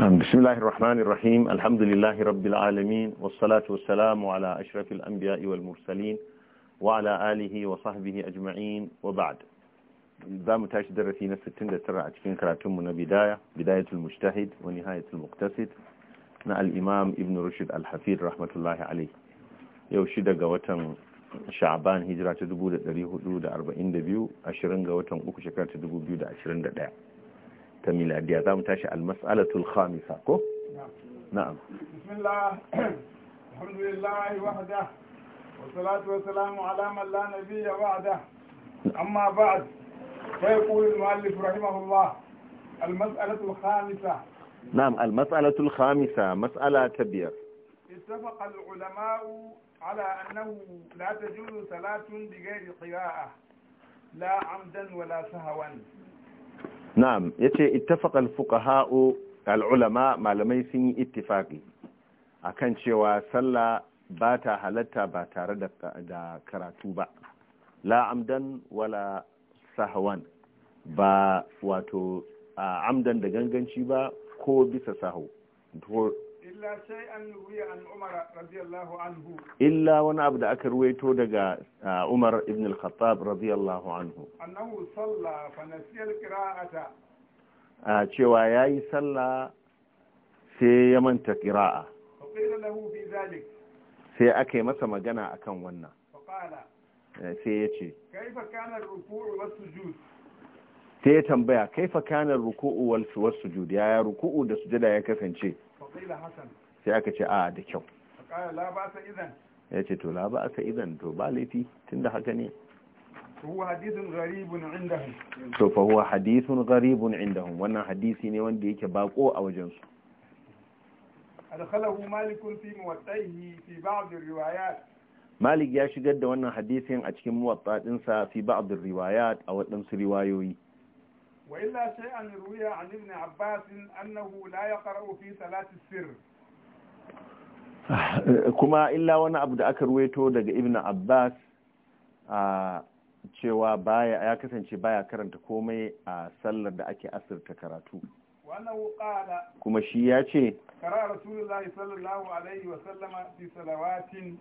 بسم الله الرحمن الرحيم الحمد لله رب العالمين والصلاة والسلام على أشرف الأنبياء والمرسلين وعلى آله وصحبه أجمعين وبعد دام تاشدر في نفس التندة ترى أتكين كراتم من بداية بداية المجتهد ونهاية المقتصد مع الإمام ابن رشد الحفيد رحمة الله عليه يوشد قوة شعبان هجرة تدبو دريه دود أربعين دبيو أشرين قوة أكو شكرة تدبو بيو دا أشرين دا, المسألة الخامسة نعم بسم الله الحمد لله وحده والصلاة والسلام على من لا نبي بعده أما بعد فيقول المؤلف رحمه الله المسألة الخامسة نعم المسألة الخامسة مسألة كبيرة اتفق العلماء على أنه لا تجوز صلاة بغير قراءة لا عمدا ولا سهوا na'am yace ittafaqa al-fuqaha al-ulama malamai sun yi ittifaqi akan cewa sallah ba ta halatta ba tare da karatu ba la amdan wala sahwan ba wato amdan da ganganci ba ko bisa sahu illa wani abu da aka ruwaito daga umar ibn al-khattab radiyallahu anhu a cewa ya yi sallah, sai ya manta qira'a sai aka yi masa magana akan wannan sai ya ce sai ya tambaya kaifa kana ruku'u wasu sujud yaya ruku'u da sujada ya kasance sai aka ce a da kyau ya ce to la ba sa idan to ba laifi tun da haka ne to fa huwa hadithun gharibun indahum wannan hadisi ne wanda yake bako a wajensu adkhalahu malikun fi muwattaihi fi ba'd riwayat malik ya shigar da wannan hadisin a cikin muwatta dinsa fi ba'd riwayat a wadansu riwayoyi وإلا شيئا روي عن ابن عباس أنه لا يقرأ في صلاة السر kuma illa wani abu da aka ruweto daga ibn abbas cewa baya ya kasance baya karanta komai a sallar da ake asirta karatu kuma shi ya ce kara rasulullahi sallallahu alaihi sallama fi salawatin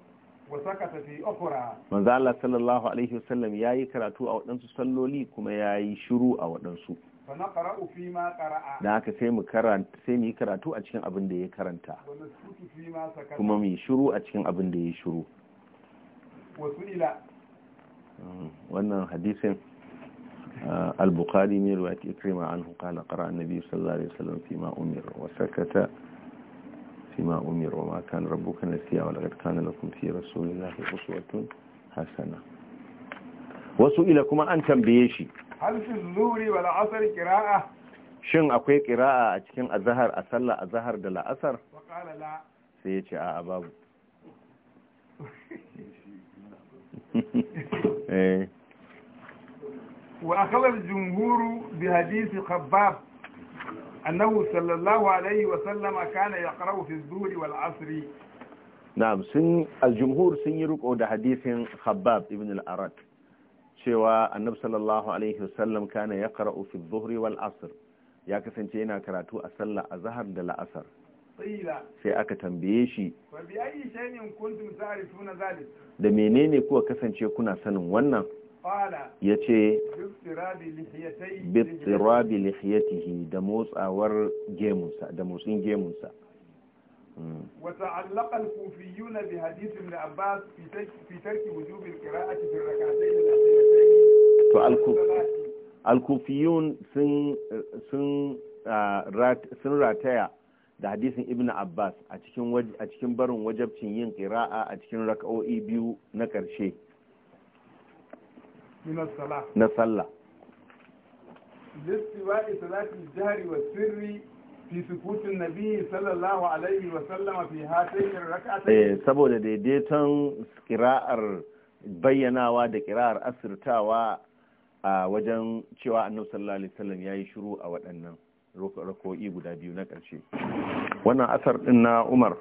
manzo Allah sallallahu alaihi wasallam yi karatu a waɗansu salloli kuma ya yi shiru a waɗansu da haka sai mu karanta sai mu yi karatu a cikin abin da ya karanta kuma mu yi shiru a cikin abin da ya shiru wannan hadisin ah, al-bukhari ne ruwayat ikrima anhu qala qara an-nabi sallallahu alaihi wasallam fi ma umir wa sakata فيما أمر وما كان ربك نسيا ولقد كان لكم في رسول shin akwai ƙira'a a cikin azahar a azahar da la'asar sai ya a ababu eh. wa akalar jumhuru bi hadisi khabbab أنه صلى الله عليه وسلم كان يقرأ في الظهر والعصر نعم سن الجمهور سن يرقوا ده حديث خباب ابن الأرد cewa annab sallallahu alaihi wasallam kana ya qara'u fi dhuhri wal asr ya kasance yana karatu a sallah azhar da la'asar sai aka tambaye shi da menene kuwa kasance kuna sanin wannan ya ce bittirabi lihiyatihi da motsawar gemunsa da motsin gemunsa wata الكوفيون بحديث ابن da في ترك وجوب القراءة في الركعتين الأخيرتين الكوفيون سن سن sun rataya da hadisin ibn abbas a cikin barin wajabcin yin kira'a a cikin raka'o'i biyu na ƙarshe na sallah لاستواء صلاة الجهر والسر في سكوت النبي صلى الله عليه وسلم في هاتين الركعتين saboda daidaiton kira'ar bayyanawa da kira'ar asirtawa a wajen cewa annabi sallallahu alaihi wasallam yayi shiru a waɗannan rako'i guda biyu na ƙarshe wannan asar din na Umar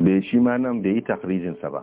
bai shi ma nan bai yi takrijinsa ba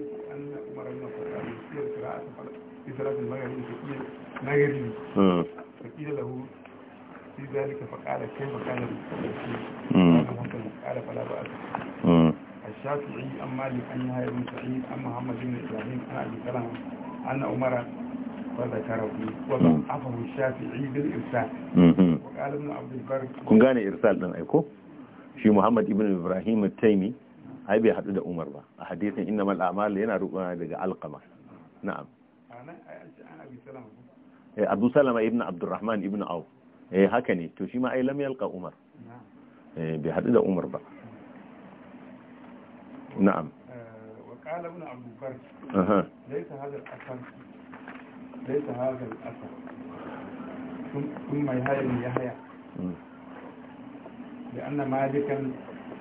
kun gane irsal ɗin aiko shi muhammad ibn ibrahim taimi ai bai haɗu da umar ba a hadisin innamal a'mal yana rubuwa daga alqama na'am eh abu salama ibn abdurrahman ibn auf eh haka ne to shi ma ai lam yalqa umar eh bai haɗu da umar ba na'am wa qala ibn abu bakr aha laysa hadha al-athar laysa hadha al-athar ثم يهاجم يحيى لأن مالكا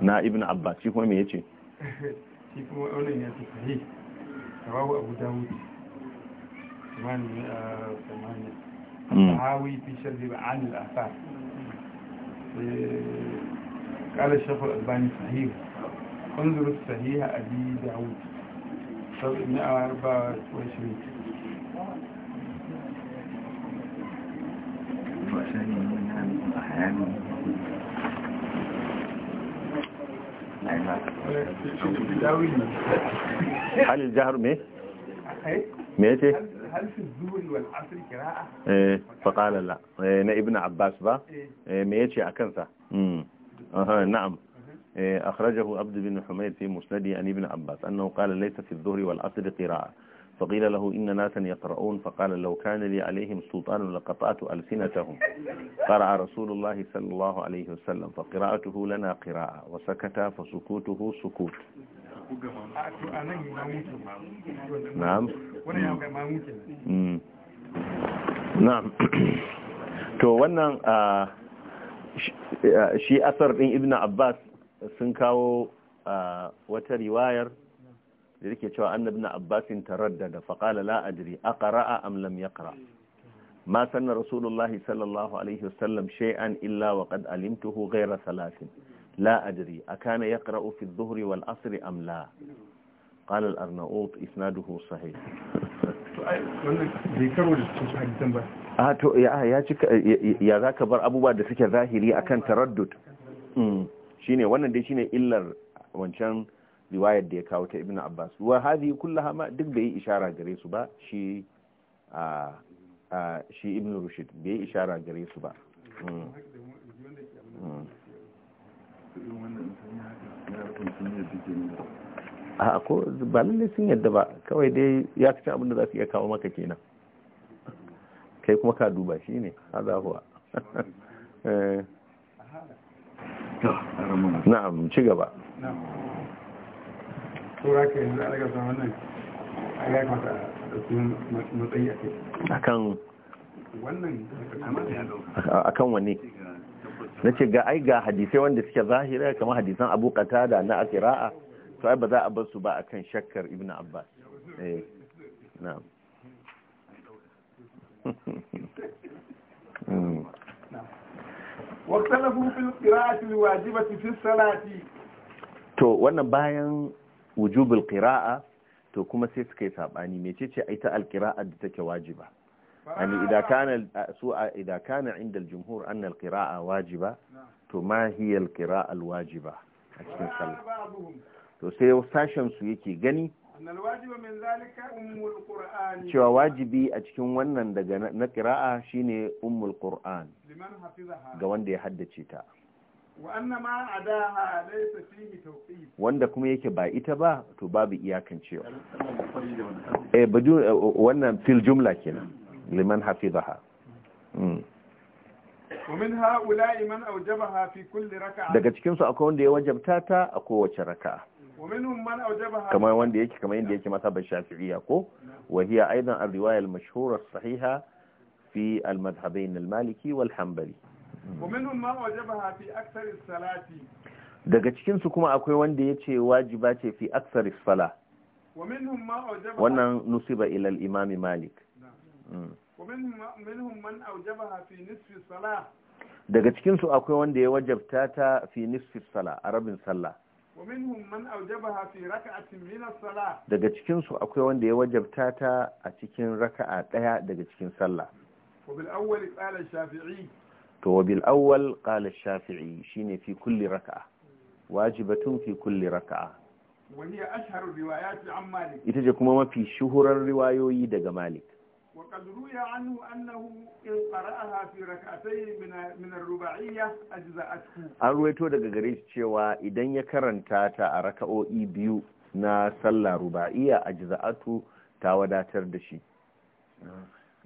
na ibn abbas shi kuma me yace shi kuma wannan ya fi sahih rawahu abu dawud man samani hawi fi sharhi ba'an al-athar قال الشيخ الألباني صحيح انظر الصحيح أبي داود طب ابن أربعة وعشرين وعشان من أحيانا هل الجهر ميه ميتي هل في الزول والعصر قراءة ايه فقال لا ايه ابن عباس با ايه ميتي اكنسا امم اها نعم إيه، اخرجه عبد بن حميد في مسنده عن ابن عباس انه قال ليس في الظهر والعصر قراءة فقيل له إن ناسا يقرؤون فقال لو كان لي عليهم سلطان لقطعت ألسنتهم قرأ رسول الله صلى الله عليه وسلم فقراءته لنا قراءة وسكت فسكوته سكوت نعم نعم to wannan shi asar din ibn abbas sun kawo wata riwayar da yake cewa annabi na abbasin taraddada faƙala la adri aqra'a am lam ƙara ma sanna rasulullahi sallallahu alaihi wasallam shay'an illa wa qad alimtuhu ghayra thalathin la adri akana yaqra'u fi adh-dhuhri wal 'asri am la qala al-arnaut isnaduhu sahih a to ya cika ya zaka bar abubuwa da suke zahiri akan taraddud hmm. shine wannan dai shine illar wancan riwayar da ya kawo ta ibn abbas wa hadhihi kullaha ma duk da yi ishara gare su ba shi shi ibn rushid bai yi ishara gare su ba hmm. hmm. a ko ba lalle sun yadda ba kawai dai ya kace abin da za su iya kawo maka kenan kai kuma ka duba shi ne haza zahuwa eh. na'am ci gaba akan wannan wanne na ce ga ai ga hadisai wanda suke zahira kamar hadisan abu da na akira'a to ai ba za a bar su ba a kan shakkar ibn abbas eh, hmm. to wannan bayan wujubul qira'a to kuma sai suka yi sabani mecece ita alqira'a da take wajiba ani idan kana su idan kana inda aljumhur anna alqira'a wajiba to ma hiya alqira'a alwajiba a cikin sallah to sai sashen su yake gani cewa wajibi a cikin wannan daga na qira'a shine ummul qur'an ga wanda ya haddace ta wanda kuma yake ba ita ba to babu iyakan cewa. Eh, eh wannan fil jumla kenan liman hafizaha ومن هؤلاء من أوجبها في كل ركعة daga cikin su akwai wanda ya wajabta ta a kowace raka'a ومنهم من أوجبها كما wanda yake kamar yanda yake masa Shafi'iyya ko وهي ايضا الروايه المشهوره الصحيحه في Maliki Wal والحنبلي daga cikinsu kuma akwai wanda ya ce wajiba ce fi aksaris sala wannan nusiba ilal imami malik mm. daga cikinsu akwai wanda ya wajabta ta fi nisfi sala a rabin sallah daga cikinsu akwai wanda ya wajabta ta a cikin raka'a ɗaya daga cikin sallah to wabil awwal qala shafi'i shine fi kulli raka'a wajibatun fi kulli raka'a ita ce kuma mafi shuhuran riwayoyi daga malik وقد روي عنه أنه إن قرأها في ركعتين من من الرباعية أجزأته. أن رويتو daga gare shi cewa idan ya karanta ta a raka'o'i biyu na sallah ruba'iyya ajza'atu ta wadatar da shi.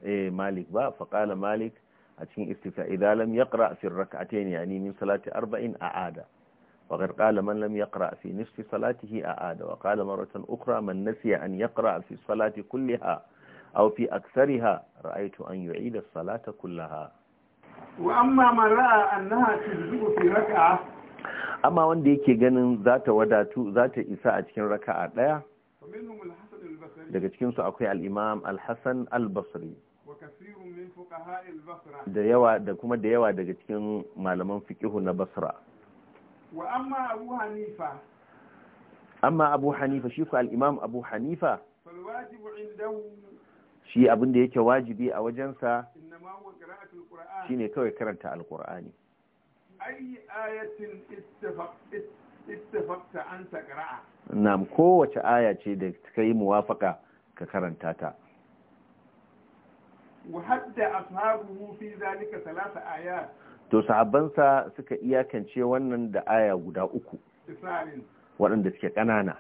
Eh Malik ba faqala Malik a cikin istifa idan lam yaqra fi rak'atayn yani min salati arba'in a'ada وغير قال من لم يقرأ في نصف صلاته أعاد وقال مرة أخرى من نسي أن يقرأ في الصلاة كلها أو في أكثرها رأيت أن يعيد الصلاة كلها وأما من رأى أنها تجزئ في ركعة أما wanda yake ganin za ta wadatu za ta isa a cikin raka'a daya daga cikinsu akwai al-imam al-hasan al-basri da yawa da kuma da yawa daga cikin malaman fiqihu na basra wa amma abu hanifa amma abu hanifa shi ku al-imam abu hanifa shi abin da yake wajibi a wajensa shi ne kawai karanta alkur'ani na'am kowace aya ce da kai muwafaka ka karanta ta وحتى mu في ذلك ثلاث آيات to sahabbansa suka iyakance wannan da aya guda uku waɗanda suke ƙanana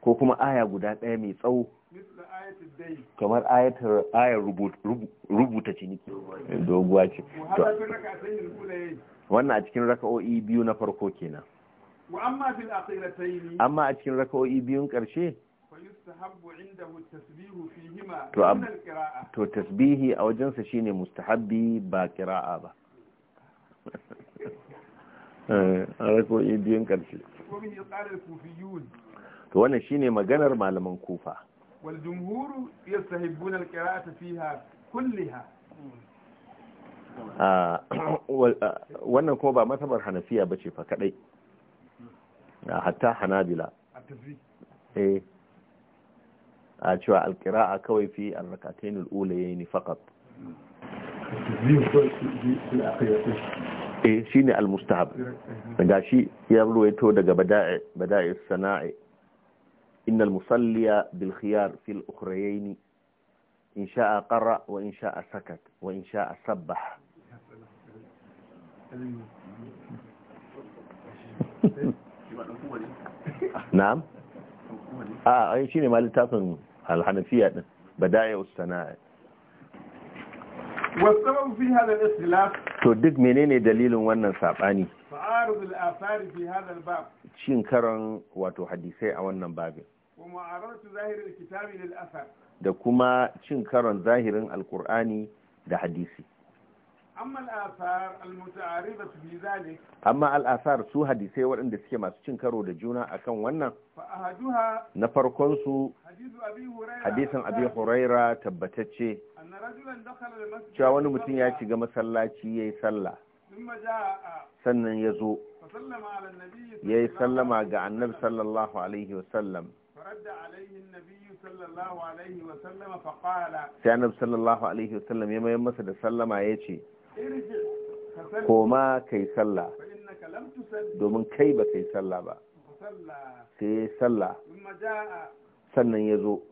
ko kuma aya guda ɗaya mai tsawo kamar ayar rubuta ciniki doguwa ce wannan a cikin raka'o'i biyu na farko kenan amma a cikin raka'o'i biyun ƙarshe to tasbihi a wajensa shine mustahabbi ba kira'a ba eh, a rako'i biyun karshe to wannan shine maganar malaman kufa wal jumhuru yastahibbuna al qira'ata fiha kulliha ah, ah, wannan kuma ba matsabar hanafiya ba ce fa kadai ah, hatta hanabila a eh a cewa alkira'a kawai fi alrakatain al'ula ya yi ni fakat eh shi ne almustahab daga shi ya ruwaito daga bada'i sana'i inna al-musalliya bilkiyar fil ukrayini in sha a ƙara wa in sha a sakat wa in sha a sabba na'am a ah, shi ne ma alhanafiya din badaya ustana'a والسبب في هذا الاختلاف to duk menene dalilin wannan saɓani fa'arud asari athar fi hadha bab cin karon wato hadisai a wannan babin wa mu'aradat zahir al-kitab da kuma cin karon zahirin alkur'ani da hadisi amma al'asar su hadisai waɗanda suke masu cin karo da juna akan wannan na farkon su hadisin abi huraira tabbatacce cewa wani mutum ya shiga masallaci ya yi sallah sannan ya zo ya yi sallama ga annabi sallallahu alaihi wasallam sai عليه sallallahu alaihi wasallam ya mayan masa da sallama ya ce koma kai sallah domin kai ba kai sallah ba sai ya sallah sannan ya zo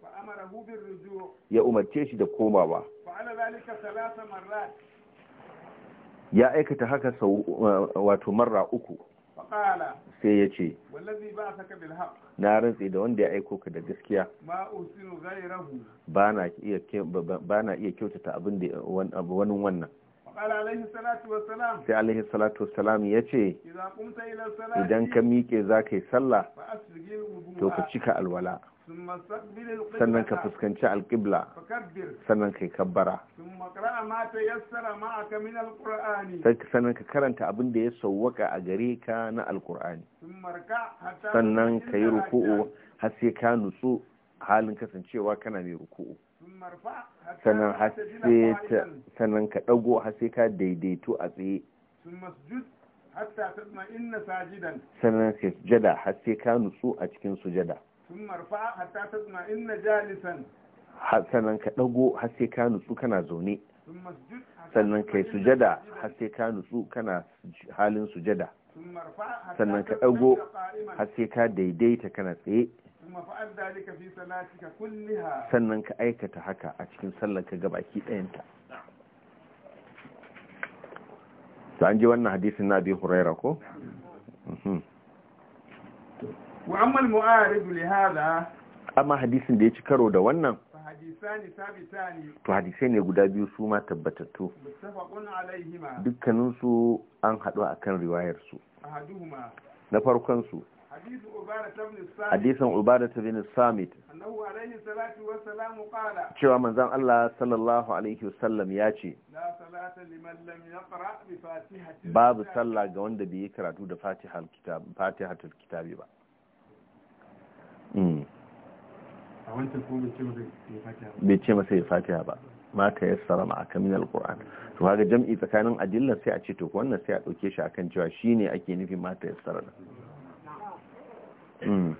ya umarce shi da komawa ya aikata haka sau eh, wato marra uku sai ya ce na rantse da wanda ya aiko ka da gaskiya ba na iya kyautata abin da wani wannan sai alaihi salatu wasalam ya ce idan ka miƙe za ka yi sallah to ka cika alwala sannan ka fuskanci alƙibla sannan ka yi kabbara sannan ka karanta abin da ya sauwaka a gare ka na alƙur'ani sannan ka yi ruku'u har sai ka nutsu halin kasancewa kana mai ruku'u sannan ka ɗago har ka daidaito a tsaye sannan sai sujada har ka nutsu a cikin sujada sannan ka ɗago har ka nutsu kana zaune sannan kai sujada har ka nutsu kana halin sujada sannan ka ɗago har ka daidaita kana tsaye sannan ka aikata haka a cikin sallar ka gabaki ɗayanta ta an ji wannan hadisin na biyu huraira ko? Mhm. wa'ammal mu'aridu li hada amma hadisin da ya ci karo da wannan to hadisai ne guda biyu su ma tabbatattu dukkaninsu an haɗu a kan riwayarsu na farkonsu hadisin ta bin samit cewa manzan Allah sallallahu alaihi wasallam ya ce babu sallah ga wanda bai yi karatu da fatihatul kitabi hmm. ba bai ce masa ya fatiha ba mata ya tsara ma aka min alquran to kaga jam'i tsakanin adillar sai a ce to wannan sai a ɗauke shi akan cewa shine ake nufin mata ya tsara da Mm.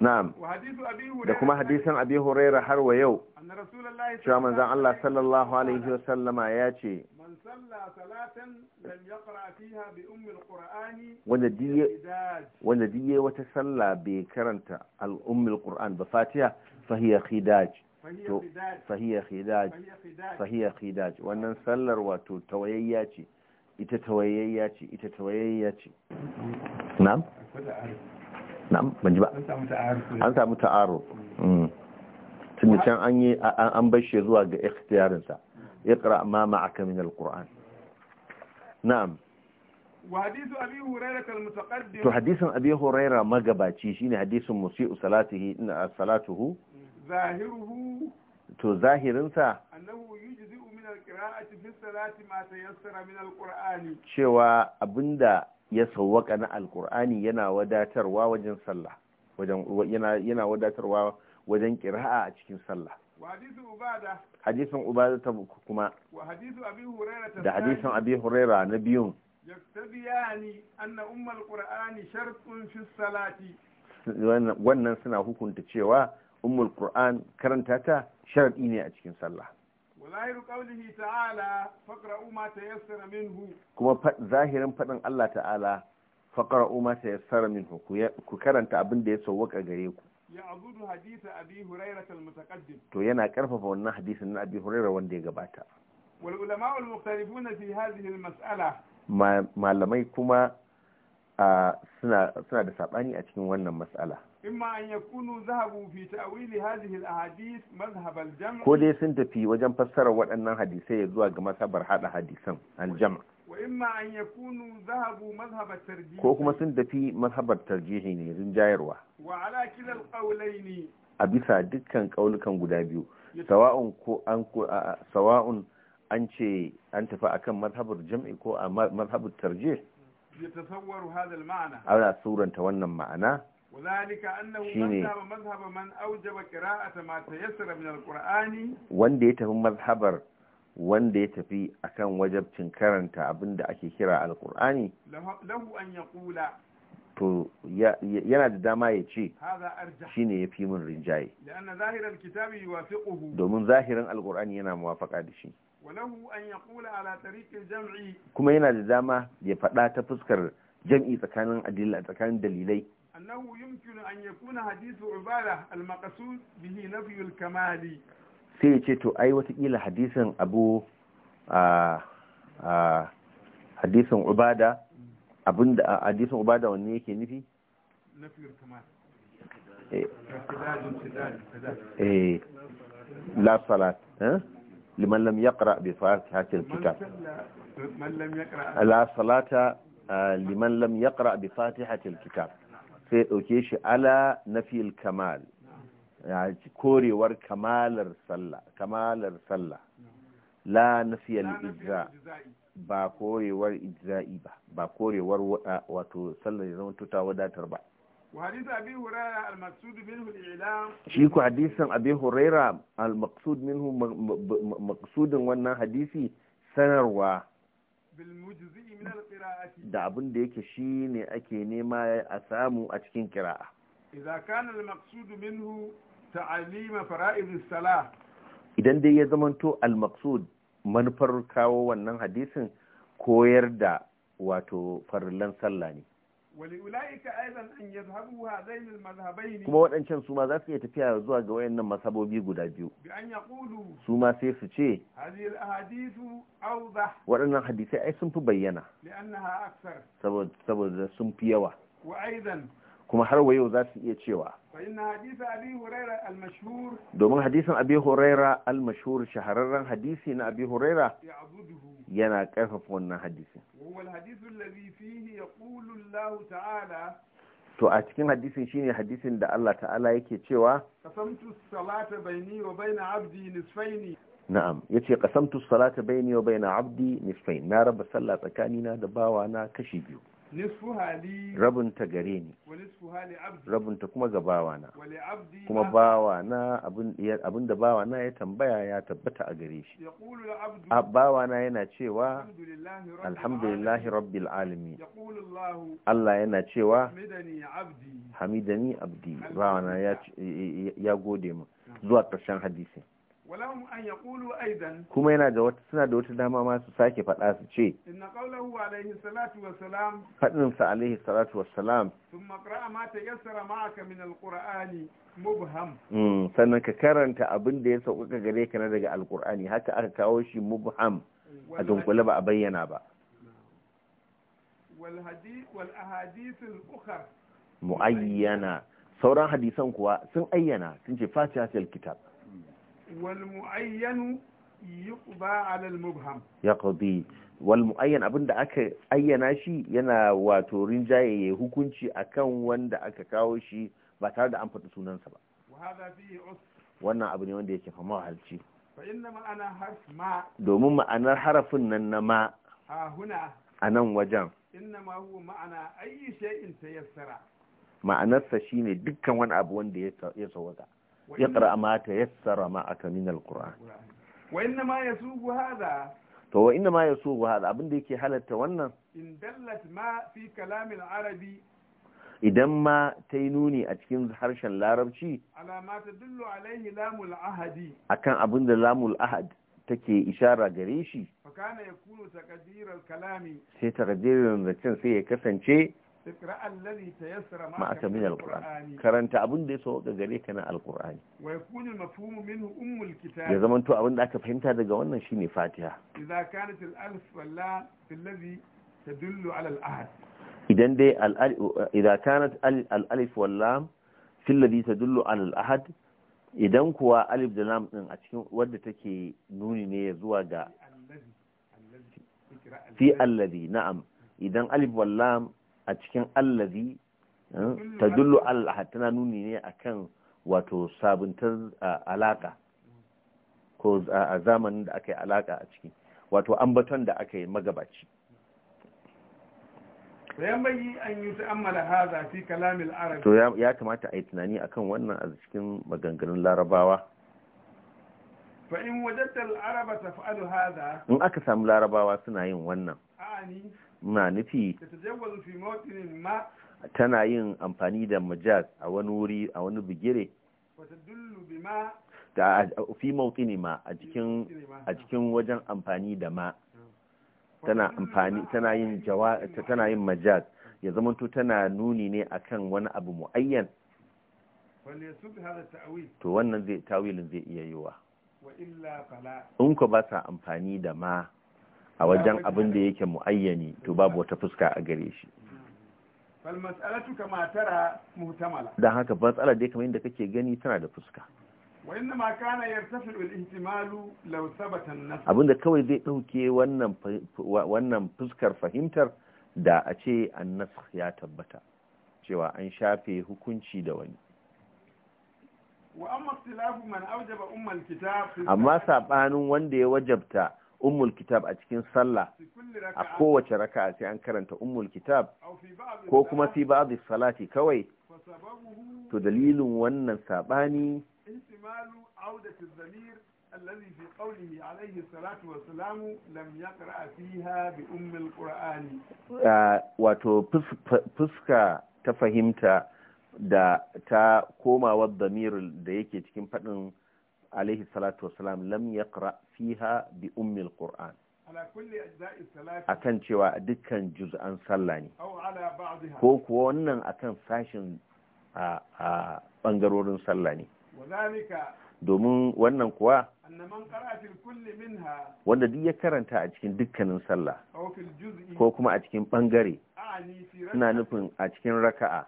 na'am da kuma hadisan abi huraira har wa yau cewa manzon Allah sallallahu alaihi wa sallama ya ce wanda diye wata sallah bai karanta al'ummul qur'an ba fatiha fahiya khidaj to fahiya khidaj fahiya khidaj wannan sallar wato tawayayya ce ita tawayayya ce ita tawayayya ce na'am na'am ban ji ba an samu mm. tun da can an yi an bashe zuwa ga ikhtiyarin sa iqra ma ma'aka min alquran na'am wa hadithu abi hurairah to hadithun abi hurairah magabaci shine hadithun musii'u salatihi salatuhu zahiruhu to zahirin sa annahu yujzi cewa abinda ya sauwaka na alkur'ani yana wadatarwa wajen sallah wajen yana wadatarwa wajen kira'a a cikin sallah hadisun ubada ta kuma da hadisun abi huraira na biyun wannan suna hukunta cewa umul qur'an karanta ta sharadi ne a cikin sallah Wazahiru qawlihi ta'ala faqra'u ma tayassara minhu. Kuma zahirin faɗin Allah ta'ala faqra'u ma tayassara minhu ku karanta abin da ya sawwaka gare ku. Ya'budu hadith Abi Hurairah al-mutaqaddim. To yana karfafa wannan hadisin na Abi Hurairah wanda ya gabata. Wal ulama al-mukhtalifuna fi hadhihi al-mas'ala. Malamai kuma suna da sabani a cikin wannan matsala. imma an ya kunu zahabu fi ta'wili hadhihi al-ahadith madhhab al-jam' ko dai sun tafi wajen fassara waɗannan hadisai ya zuwa ga masabar hada hadisan al-jam' wa imma an yakunu zahabu madhhab at-tarjih ko kuma sun tafi mazhabar tarjihi ne rinjayarwa wa ala kila al-qawlayn a bisa dukkan kaulukan guda biyu sawa'un ko an ko sawa'un an ce an tafi akan mazhabar jam'i ko a mazhabar tarjih yatasawwaru hadha al ana suranta wannan ma'ana وذلك أنه مذهب مذهب من أوجب قراءة ما تيسر من القرآن وان دي تفي مذهبر وان دي تفي أكان وجب أكي كراء القرآن له أن يقول to yana da dama ya ce shi ne ya fi min rinjaye domin zahirin alkur'ani yana muwafaka da shi kuma yana da dama ya faɗa ta fuskar jam'i tsakanin adila tsakanin dalilai annahu yumkinu an yakuna hadithu ubada almaqsud bihi nafyu alkamali sai ya ce to ai wata kila hadisin abu a a hadisin ubada abinda hadisin ubada wanne yake nufi nafyu al-kamal eh. eh la salat eh آه، لمن لم يقرأ بفاتحة الكتاب لا صلاة لمن لم يقرأ بفاتحة الكتاب سيؤكيشي على نفي الكمال يعني كوري ور كمال رسالة كمال رسالة لا نفي الإجزاء باكوري ور إجزائي با باكوري ور وطو آه، سلة يزون تتاودات ربعي وحديث أبي هريرة المقصود منه الإعلام شيكو حديث أبي هريرة المقصود sanarwa da abin da yake shi ne ake nema a samu a cikin kira'a. Idan dai ya zamanto al-maqsud manufar kawo wannan hadisin koyar da wato farillan sallah ne. kuma waɗancan su ma za su iya tafiya zuwa ga wayannan masabobi guda biyu su ma sai su ce waɗannan hadisai ai sun fi bayyana saboda sun fi yawa kuma har wayo za su iya cewa domin hadisin abi huraira al shahararren hadisi na abi huraira yana ƙarfafa wannan ta'ala. to a cikin hadisin shine hadisin da Allah ta'ala yake cewa qasamtu salata baini wa abdi na'am yace qasamtu salata baini wa na abdi nisfain na raba sallah tsakanina da bawana kashi biyu rabinta gare ni rabinta kuma ga bawana kuma bawana abin da bawana ya tambaya ya tabbata a gare shi bawana yana cewa alhamdulillahi rabbil alami Allah yana cewa hamidani abdi bawana ya gode mu zuwa ƙarshen hadisi kuma yana da wata suna da wata dama ma su sake faɗa su ce inna alayhi salatu wa sa alayhi salatu wa salam thumma qra'a ma tayassara ma'aka min alqur'ani mubham hmm, sannan ka karanta abin da ya sauka gare ka na daga Alƙur'ani, haka aka kawo shi mubham a dunkule ba a bayyana ba muayyana sauran hadisan kuwa sun ayyana sun ce fatihatul kitab والمعين يقضى على المبهم يقضي والمعين abinda aka ayyana shi yana wato rinjaye hukunci akan wanda aka kawo shi ba tare da an faɗi sunansa ba wannan abu ne wanda yake fama halci domin ma'anar harafin nan na ma a nan wajen ma'anarsa shine dukkan wani abu wanda ya sauwaka يقرأ ما تيسر معك من القرآن وإنما يسوق هذا to wa inna ma ya so hada abin da yake halarta wannan in dallat ma fi kalamin arabi idan ma tayi nuni a cikin harshen larabci Alamata ta alaihi lamul ahadi akan abin da lamul ahad take ishara gare shi fakana ya kunu takadirar kalami sai takadirar zancen sai ya kasance ma'aka min alkur'ani karanta abin da ya so ga gare ka na alkur'ani ya zama to abin da aka fahimta daga wannan shine fatiha idan dai idza kanat al-alif wal lam fi alladhi tadullu ala al-ahad idan kuwa alif da lam din a cikin wadda take nuni ne zuwa ga fi alladhi na'am idan alif wal lam a cikin allazi eh, mm-hmm. ta dullu Allah tana nuni ne akan wato sabuntar alaka ko a zamanin da aka yi alaka a ciki wato ambaton da aka yi magabaci an yi haza to ya kamata a yi tunani akan wannan a cikin maganganun larabawa fa wajen wajatta al haza in aka samu larabawa suna yin wannan na nufi tana yin amfani da majaz a wani wuri a wani bigire da fi mautini ma a cikin a cikin wajen amfani da ma tana amfani tana yin jawa tana yin majaz ya to tana nuni ne akan wani abu muayyan to wannan zai tawilin zai iya yiwa in ko ba sa amfani da ma a wajen abin da yake muayyani to babu wata fuska a gare shi falmas'alatu kama tara muhtamala dan haka tsala, dai kamar inda kake gani tana da fuska wa'inna ma kana yartafi'u al-ihtimalu law thabata an-nas abinda kawai zai dauke wannan wannan fuskar fahimtar da a ce annas ya tabbata cewa an shafe hukunci da wani wa amma ikhtilafu man awjaba umm al-kitab amma sabanin wanda ya wajabta ummul kitab a cikin sallah a kowace raka'a sai an karanta ummul kitab ko kuma fi ba'dhi salati kawai to dalilin wannan sabani ihtimalu audatu dhamir alladhi fi qawlihi alayhi salatu wa salam lam yaqra fiha bi ummul qur'ani wato fuska ta fahimta da ta komawa dhamir da yake cikin fadin alaihi salatu wasalam lam yaqra fiha bi ummil qur'an akan cewa dukkan juz'an sallah ne ko kuwa wannan akan sashin a bangarorin sallah ne domin wannan kuwa wanda duk ya karanta a cikin dukkanin sallah ko kuma a cikin bangare suna nufin a cikin raka'a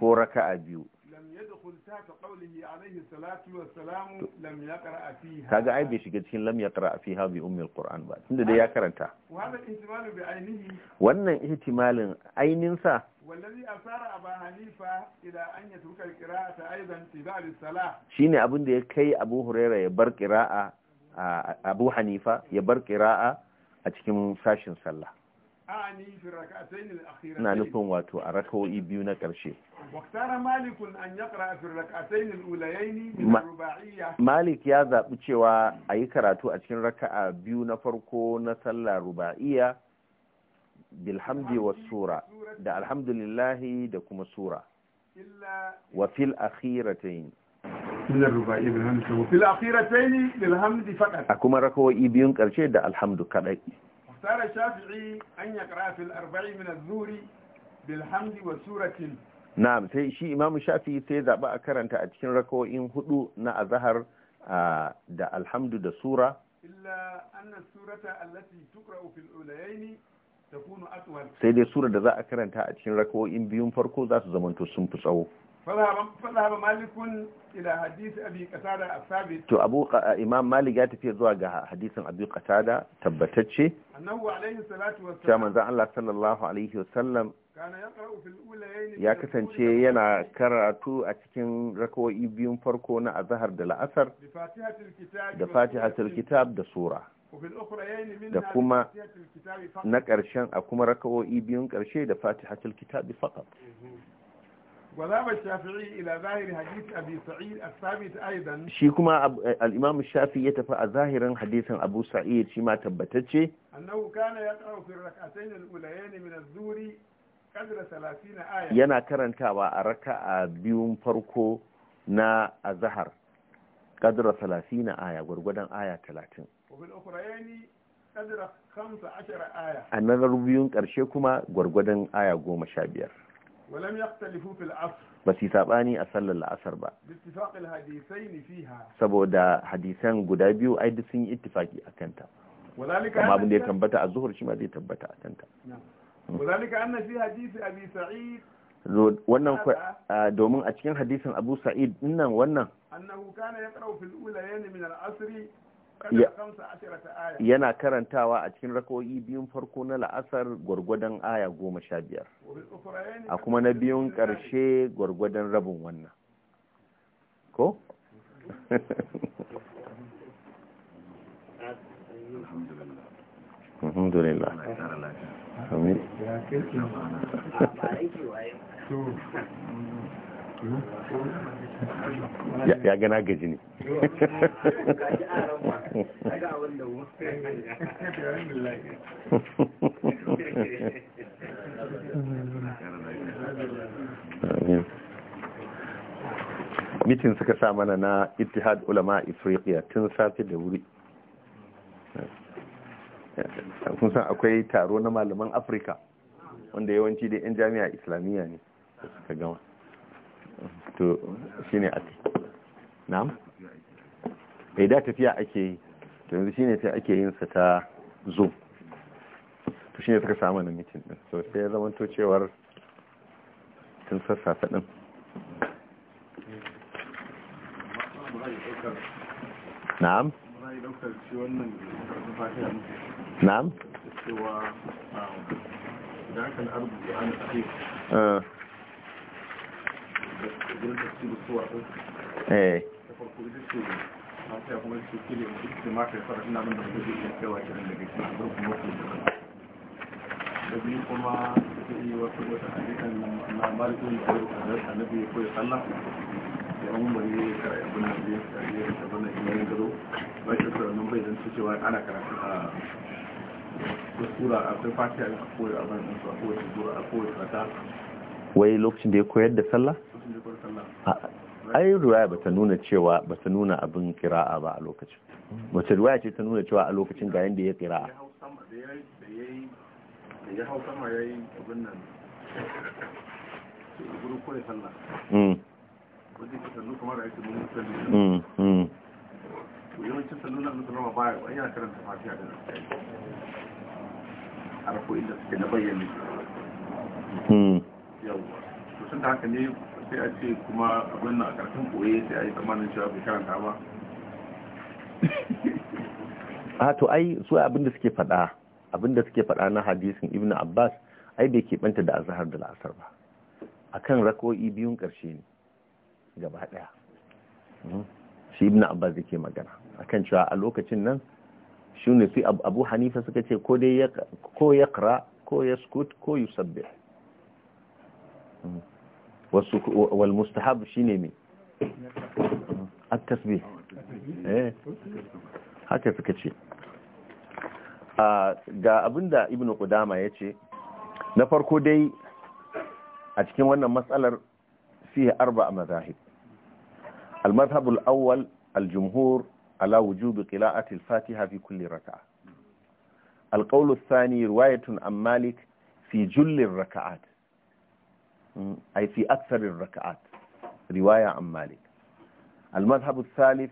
ko raka'a biyu lam yadkhul ta qawlihi alayhi salatu wa salam lam yaqra fiha kaga ai bai shiga cikin lam yaqra fiha bi ummi alquran ba tunda dai ya karanta wannan ihtimalin bi ainihi wannan ainin sa wallazi asara aba hanifa ila an yatruka alqira'ata aidan as salah shine abin da ya kai abu huraira ya bar qira'a abu hanifa ya bar qira'a a cikin sashin sallah ina nufin wato a rakawo'i biyu na ƙarshe malik ya zaɓi cewa a yi karatu a cikin raka'a biyu na farko na sallah ruba'iya bilhamdi wa sura da alhamdulillahi da kuma sura wa fil akhiratain a kuma rakawo'i biyun karshe da alhamdu kadai. اختار الشافعي أن يقرأ في الأربعين من الظهر بالحمد وسورة na'am sai shi imam shafi sai zaɓi a karanta a cikin rakawo'in huɗu na azahar da alhamdu da sura sai dai surar da za a karanta a cikin rakawo'in biyun farko za su zamanto sun fi tsawo فذهب مالك إلى حديث أبي قتادة الثابت تو أبو ق... إمام مالك يا تفي زوا حديث أبي قتادة تبتتشي أنه عليه الصلاة والسلام كما زعل الله صلى الله عليه وسلم كان يقرأ في الأولين يا كسنشي ينا كراتو أتكن ركو إبيون فركونا أظهر دل أثر بفاتحة الكتاب بفاتحة الكتاب دا سورة da kuma na ƙarshen a kuma raka'o'i biyun ƙarshe da fatihatul kitabi faqat وذهب الشافعي إلى ظاهر حديث أبي سعيد الثابت أيضا شيكما الإمام الشافعي يتفق ظاهرا حديثا أبو سعيد شما تبتتشي أنه كان يقرأ في الركعتين الأوليين من الزور قدر ثلاثين آية ينا كرنتاوا ركعة بيوم فرقو نا الزهر قدر ثلاثين آية ورغدان آية ثلاثين وفي الأخرين قدر خمس عشر آية أنا ربيون كرشيكما ورغدان آية قوم شابير ولم يختلفوا في العصر بس يسابني أصلى العصر با باتفاق الحديثين فيها saboda hadisan guda biyu ai duk sun yi ittifaki akan ta kuma abin da ya tambata a zuhur shi ma zai tabbata akan ta wannan domin a cikin hadisin abu sa'id nan wannan annahu kana yaqra'u min al-asri yana karantawa a cikin rako'i biyun farko na la'asar gwargwadon aya goma sha biyar a kuma na biyun ƙarshe gwargwadon rabin wannan ko? alhamdulillah ya gana gaji ne mitin suka sa mana na ittihad ulama Afrika tun safe da wuri kun san akwai taro na malaman afirka wanda yawanci da 'yan jami'a islamiyya ne suka gama to shine ake na'am eh da tafiya ake yi to yanzu shine sai ake yin sa ta zoom to shine suka samu na mitin din so sai ya zamanto cewar tun sassafe din na'am na'am um, ana a wai lokacin da ya koyar da sallah yi ruwaya ba ta nuna cewa ba ta nuna abin kira'a ba a lokacin wace ruwaya ce ta nuna cewa a lokacin ga yadda ya kira'a yawancin na baya wani yana karanta fatiha da a rako'in da suke na bayyane mm. yawwa to sun da haka ne sai a ce kuma abin na a karatun koye sai a yi tsamanin cewa bai karanta ba a ah, to ai su abin da suke faɗa abin da suke fada na hadisin ibn abbas ai bai keɓanta da azhar da la'asar ba akan rako'i biyun karshe ne gaba daya hmm? shi ibn abbas yake magana akan cewa a lokacin nan shi ne fi abu hanifa suka ce ko dai ko ya ko ya ko yusabbih hmm? wal mustahab shine me at-tasbih eh haka suka ce ga abinda ibnu qudama yace na farko dai a cikin wannan matsalar fiye arba mazahib al-madhhab al-awwal al-jumhur ala wujub qira'ati fatiha fi kulli rak'a al-qawl ath riwayatun an fi julli ar أي في أكثر الركعات رواية عن مالك المذهب الثالث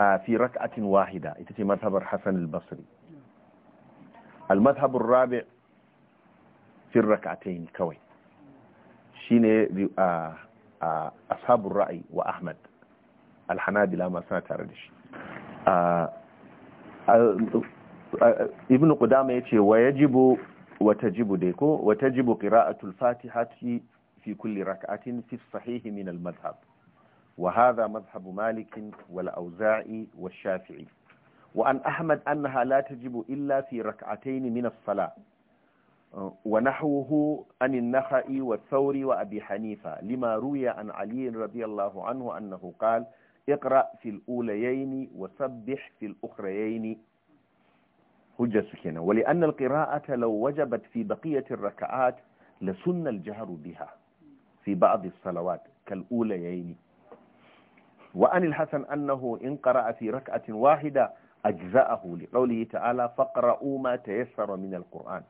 آه، في ركعة واحدة يتتي مذهب الحسن البصري المذهب الرابع في الركعتين كوي شيني آه، آه، أصحاب الرأي وأحمد الحنابلة ما سنة تاردش ابن قدامة يتي ويجب وتجب ديكو وتجب قراءة الفاتحة في كل ركعة في الصحيح من المذهب وهذا مذهب مالك والأوزاعي والشافعي وأن أحمد أنها لا تجب إلا في ركعتين من الصلاة ونحوه عن النخأ والثوري وأبي حنيفة لما روي عن علي رضي الله عنه أنه قال اقرأ في الأوليين وسبح في الأخريين حجة سكينة ولأن القراءة لو وجبت في بقية الركعات لسن الجهر بها في بعض الصلوات كالأولى يعني وأن الحسن أنه إن قرأ في ركعة واحدة أجزأه لقوله تعالى فقرأوا ما تيسر من القرآن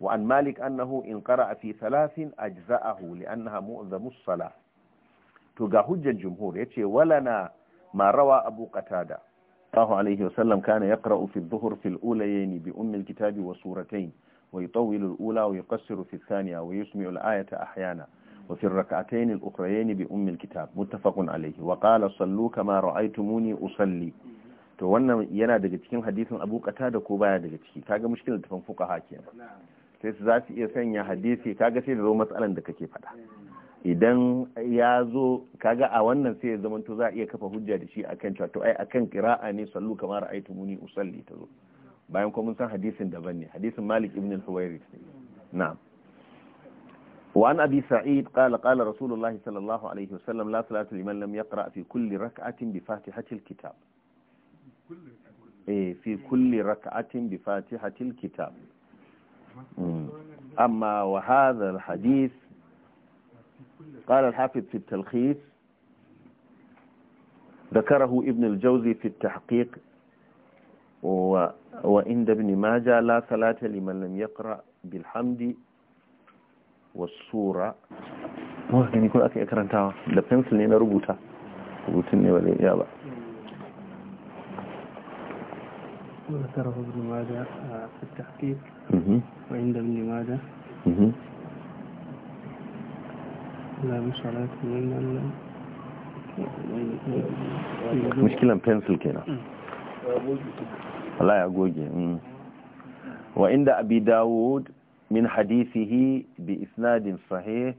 وأن مالك أنه إن قرأ في ثلاث أجزأه لأنها مؤذم الصلاة تقهج الجمهور يتي ولنا ما روى أبو قتادة الله عليه وسلم كان يقرأ في الظهر في الأوليين بأم الكتاب وسورتين ويطول الأولى ويقصر في الثانية ويسمع الآية أحيانا وفي الركعتين الأخريين بأم الكتاب متفق عليه وقال صلوا كما رأيتموني أصلي to wannan yana daga cikin hadisin Abu Qatada ko baya daga ciki kaga mushkilar tafan fuqaha kenan sai su za su iya sanya hadisi kaga sai da zo matsalan da kake faɗa idan ya zo kaga a wannan sai ya zamanto za a iya kafa hujja da shi akan cewa to ai akan qira'a ne sallu kamar ra'aytu muni usalli ta bayan kuma mun san hadisin daban ne hadisin Malik ibn al-Huwairi na'am wa an abi sa'id qala qala rasulullah sallallahu alaihi wasallam la salatu liman lam yaqra fi kulli rak'atin bi fatihati al-kitab eh fi kulli rak'atin bi fatihati al-kitab hmm. amma wa hadha al-hadith قال الحافظ في التلخيص ذكره ابن الجوزي في التحقيق وعند ابن ماجه لا صلاة لمن لم يقرأ بالحمد والصورة ممكن يكون أكي أكرنتها ده بنسل لنا ربوتها ربوتني با وذكره ابن ماجه آه، في التحقيق وعند ابن ماجه mushkilan pencil kenan Allah ya goge wa inda abi dawud min hadithihi bi isnadin sahih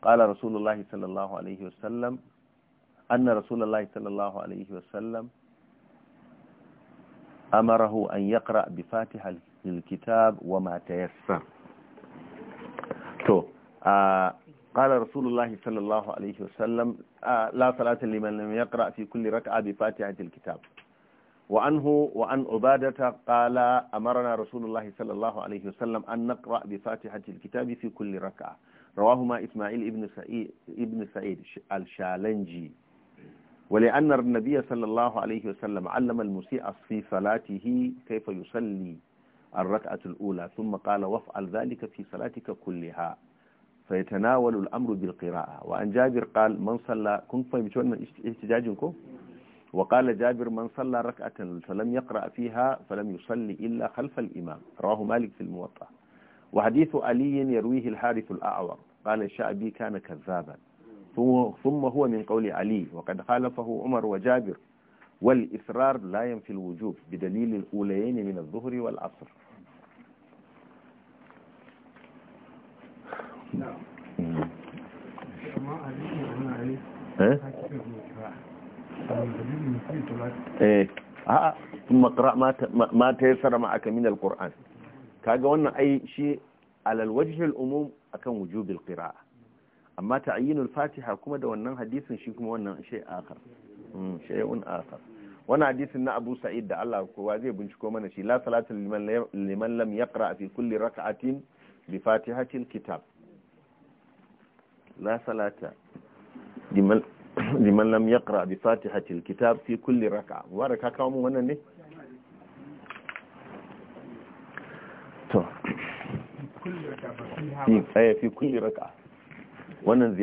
qala rasulullahi sallallahu alaihi wasallam anna rasulullahi sallallahu alaihi wasallam amarahu an yaqra bi fatiha al-kitab wa ma tayassar to a قال رسول الله صلى الله عليه وسلم آه، لا صلاة لمن لم يقرأ في كل ركعة بفاتحة الكتاب وعنه وعن عبادة قال أمرنا رسول الله صلى الله عليه وسلم أن نقرأ بفاتحة الكتاب في كل ركعة رواهما إسماعيل ابن سعيد, ابن سعيد الشالنجي ولأن النبي صلى الله عليه وسلم علم المسيء في صلاته كيف يصلي الركعة الأولى ثم قال وافعل ذلك في صلاتك كلها فيتناول الأمر بالقراءة وأن جابر قال من صلى كنت فهمتون احتجاجكم وقال جابر من صلى ركعة فلم يقرأ فيها فلم يصلي إلا خلف الإمام رواه مالك في الموطأ وحديث علي يرويه الحارث الأعور قال الشعبي كان كذابا ثم هو من قول علي وقد خالفه عمر وجابر والإصرار لا ينفي الوجوب بدليل الأولين من الظهر والعصر eh a'a kuma qira ma ta yassara ma aka min alquran kaga wannan ai shi alal wajhi akan wujubin qira'a amma ta al-fatiha kuma da wannan hadisin shi kuma wannan hmm, shay'un wannan hadisin na Abu Sa'id da Allah kowa zai binciko mana shi la salata liman lam yaqra fi kulli raka'atin bi fatihatil kitab la salata liman lam yaqra bi fatihatil kitab fi kulli raka'a wanda ka kawo wannan ne to fi kulli raka'a wannan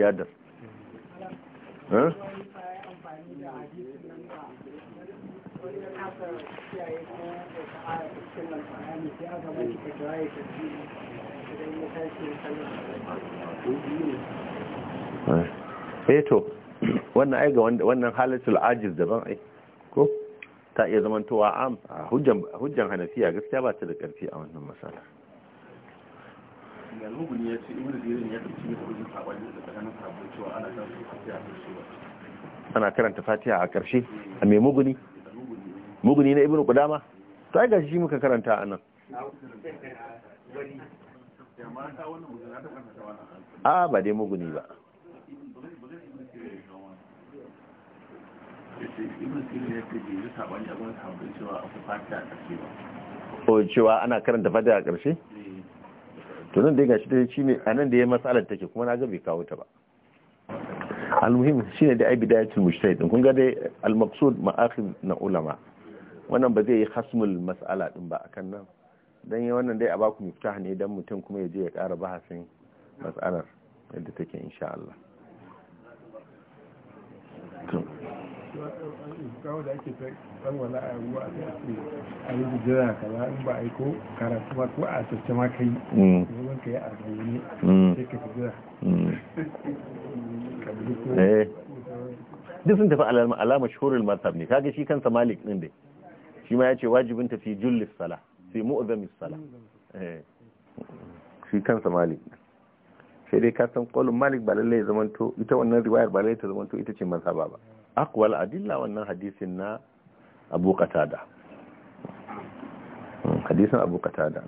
Feto, eh wannan ai ga wannan halatul ajiz daban ai ko ta iya zamantowa am a hujjan hanafiya gaskiya ba ta da karfi a wannan masala ana karanta fatiha a ƙarshe a mai muguni muguni na ibn kudama to ai gashi muka karanta a nan a ba dai muguni ba ko cewa ana karanta fada a ƙarshe to nan dai gashi ne a nan da ya matsalar take kuma na ga kawo ta ba shi shine da ai bidayatul mujtahid kun ga dai al-maqsud ma'akin na ulama wannan ba zai yi hasmul mas'ala din ba akan nan dan yi wannan dai a baku miftah ne dan mutum kuma ya je ya ƙara bahasin mas'alar yadda take insha Allah kawo da ake tsangwala a ruwa a ce a yi jira kaza in ba a yi ko karatu ba ko a tace ma kai mm. zuwan ka yi a rauni mm. sai ka fi jira mm. eh. duk sun tafi alamar shurul martab ne kaga shi kansa malik din dai shi ma ya ce wajibin tafi jullis sala sai mu'azamis sala eh. shi kansa malik sai dai ka san kolin malik ba lallai zamanto ita wannan riwayar ba lallai ta zamanto ita ce mazhaba ba akwal adilla wannan hadisin na abu hadisin abu qatada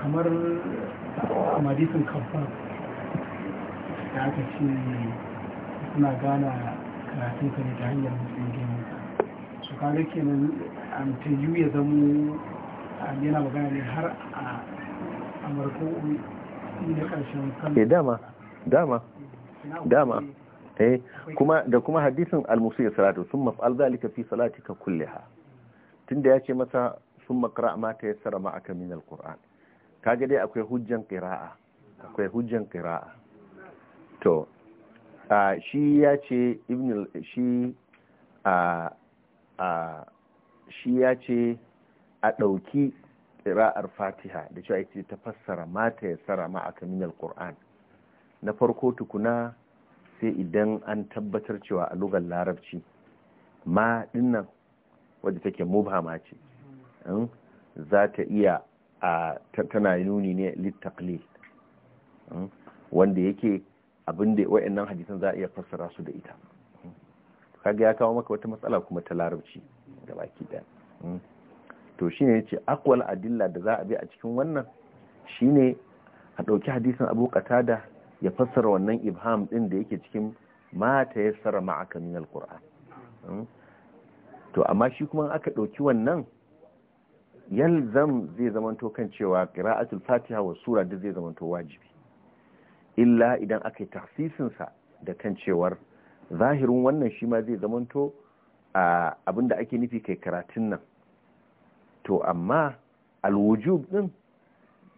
kamar a hadisin da aka ce suna gana karatun ka ne ta hanyar mutum gini su yana magana ne har a ke eh, dama dama dama eh kuma da kuma hadisin al-musi salatu thumma fa'al zalika fi salatika kulliha tunda yace masa thumma mata ma tayassara ma'aka min al-qur'an kaga dai akwai hujjan qira'a akwai hujjan qira'a to a shi yace ibn shi a shi yace a dauki ƙira'ar fatiha da cewa ita ta fassara mata ya sara a min alƙur'an na farko tukuna sai idan an tabbatar cewa a lugar larabci ma dinnan wadda take mubhama ce za ta iya a tana nuni ne littaklil wanda yake abinda wa'annan hadisan za a iya fassara su da ita kaga ya kawo maka wata matsala kuma ta larabci gabaki ɗaya to shine ce akwal adilla da za a bi a cikin wannan shine a ɗauki hadisin Abu Qatada ya fassara wannan ibham ɗin da yake cikin ma ta yassara ma'aka min alquran hmm? to amma shi kuma aka ɗauki wannan yalzam zai zamanto kan cewa qira'atul fatiha wa sura da zai zamanto wajibi illa idan aka yi sa da kan cewar zahirin wannan shi ma zai zamanto abinda ake nufi kai karatun nan to amma alwujub din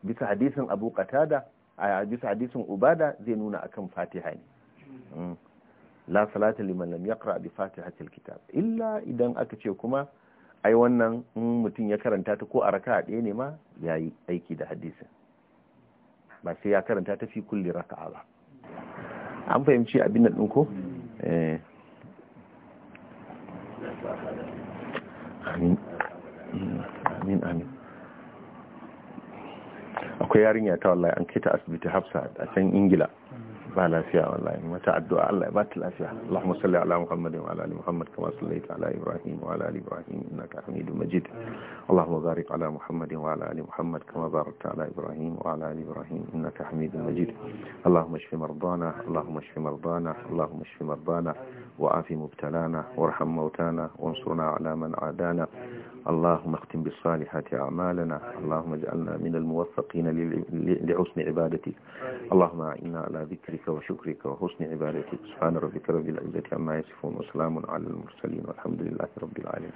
bisa hadisin abu katada a bisa hadisin ubada zai nuna akan fatiha ne mm. la salata liman lam yaqra bi fatihatil kitab illa idan aka ce kuma ai wannan in mutum ya karanta ta ko a raka'a ɗaya ne ma yayi aiki da hadisin ba sai ya karanta ta fi kulli raka'a ba an fahimci abin nan ko eh amin amin amin akwai yarinya ta wallahi an kai asibiti hafsa a can ingila ba lafiya wallahi mata addu'a Allah ya ba ta lafiya Allahumma salli ala Muhammad wa ala ali Muhammad kama sallaita ala Ibrahim wa ala ali Ibrahim innaka Hamidum Majid Allahumma barik ala Muhammad wa ala ali Muhammad kama barakta ala Ibrahim wa ala ali Ibrahim innaka Hamidum Majid Allahumma shfi mardana Allahumma shfi mardana Allahumma shfi mardana wa afi mubtalana warham mautana wansurna ala man adana اللهم اختم بالصالحات أعمالنا اللهم اجعلنا من الموفقين لحسن عبادتك اللهم أعنا على ذكرك وشكرك وحسن عبادتك سبحان ربك رب العزة عما يصفون وسلام على المرسلين والحمد لله رب العالمين